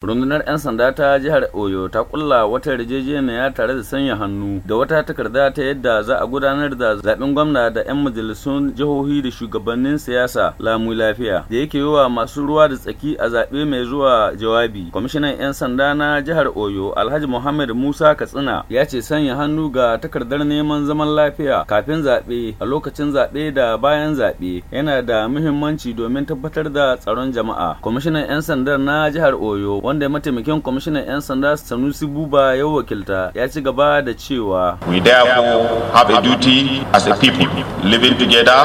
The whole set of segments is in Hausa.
Rundunar 'yan sanda ta jihar Oyo ta kulla wata yarjejeniya tare da sanya hannu da wata takarda ta yadda za a gudanar da zaɓen gwamna da 'yan majalisun jihohi da shugabannin siyasa lamu lafiya da yake yi wa masu ruwa da tsaki a zaɓe mai zuwa jawabi. Kwamishinan 'yan sanda na jihar Oyo Alhaji Muhammad Musa Katsina ya ce sanya hannu ga takardar neman zaman lafiya kafin zaɓe a lokacin zaɓe da bayan zaɓe yana da muhimmanci domin tabbatar da tsaron jama'a. Kwamishinan 'yan sandar na jihar Oyo wanda mataimakin kwamishinan 'yan sanda Sanusi Buba ya wakilta ya ci gaba da cewa We therefore have a duty as a people living together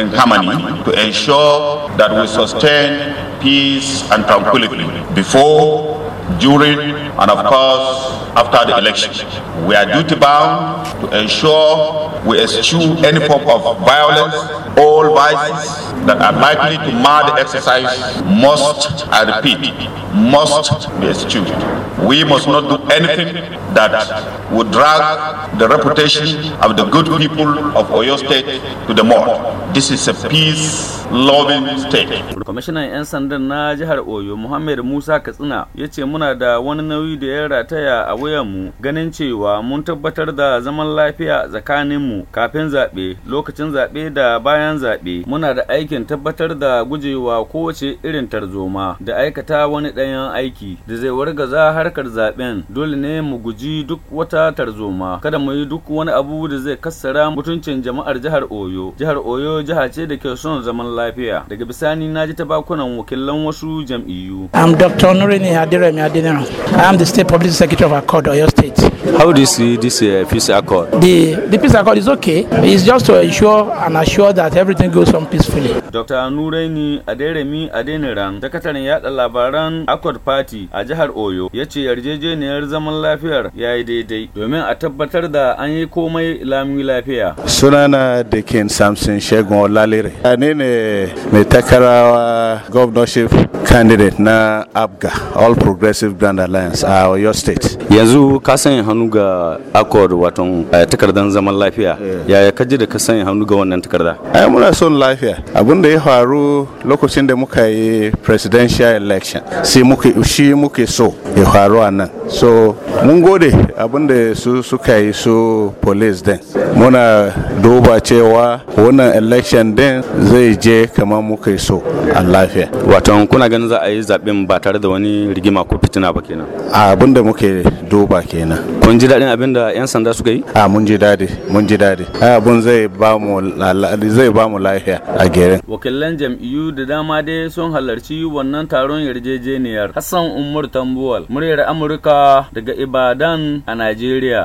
in harmony to ensure that we sustain peace and tranquility before during and of course after the election. We are duty bound to ensure we eschew any form of violence. All vices that are likely to mar the exercise must, I repeat, must be eschewed. We must not do anything that would drag the reputation of the good people of Oyo State to the mud. This is a peace-loving state. Kwamishinan 'yan sandan na jihar Oyo Muhammad Musa Katsina ya muna da wani nauyi da ya rataya a wayanmu ganin cewa mun tabbatar da zaman lafiya mu kafin zaɓe, lokacin zaɓe da bayan zaɓe. Muna da aikin tabbatar da gujewa kowace irin tarzoma da aikata wani ɗanyen aiki da zai wargaza harkar zaɓen. Dole ne mu guji duk wata tarzoma. Kada mu yi duk wani abu da zai kassara mutuncin jama'ar jihar Oyo. Jihar Oyo jiha ce da ke son zaman lafiya. Daga bisani na ji ta bakunan wakilan wasu jam'iyyu. I'm Dr. Nurini Adiremi Adinero. I'm the state public secretary of Accord, Oyo State. How do you see this uh, peace accord? The, the peace accord is okay. It's just to ensure and assure that everything goes on peacefully. Dr. Nuraini Aderemi Adeniran, sakataren yada labaran Accord Party a jihar Oyo, ya ce yarjejeniyar zaman lafiyar ya yi daidai domin a tabbatar da an yi komai lami lafiya. Sunana da Ken Samson Shegun Molalire. Ni ne mai wa governorship candidate na abga all progressive grand alliance a oyo state yanzu ka sanya hannu ga accord wato eh, takardar zaman lafiya eh. yaya ka ji da ka sanya hannu ga wannan takarda ai muna son lafiya abin da ya faru lokacin da muka yi presidential election sai muke shi muke so ya faru a nan so mun gode abinda su suka yi su police din muna duba cewa wannan election din zai je kamar muka yi so a lafiya wato kuna ganin za a yi zaben ba tare da wani rigima ko fitina ba kenan abinda muke duba kenan kun ji daɗin abinda 'yan sanda suka yi a mun ji daɗi mun ji daɗi abin zai ba mu zai ba mu lafiya a gerin wakilan jam'iyyu da dama dai sun halarci wannan taron yarjejeniyar hassan umar tambuwal muryar amurka daga Ibadan a Najeriya.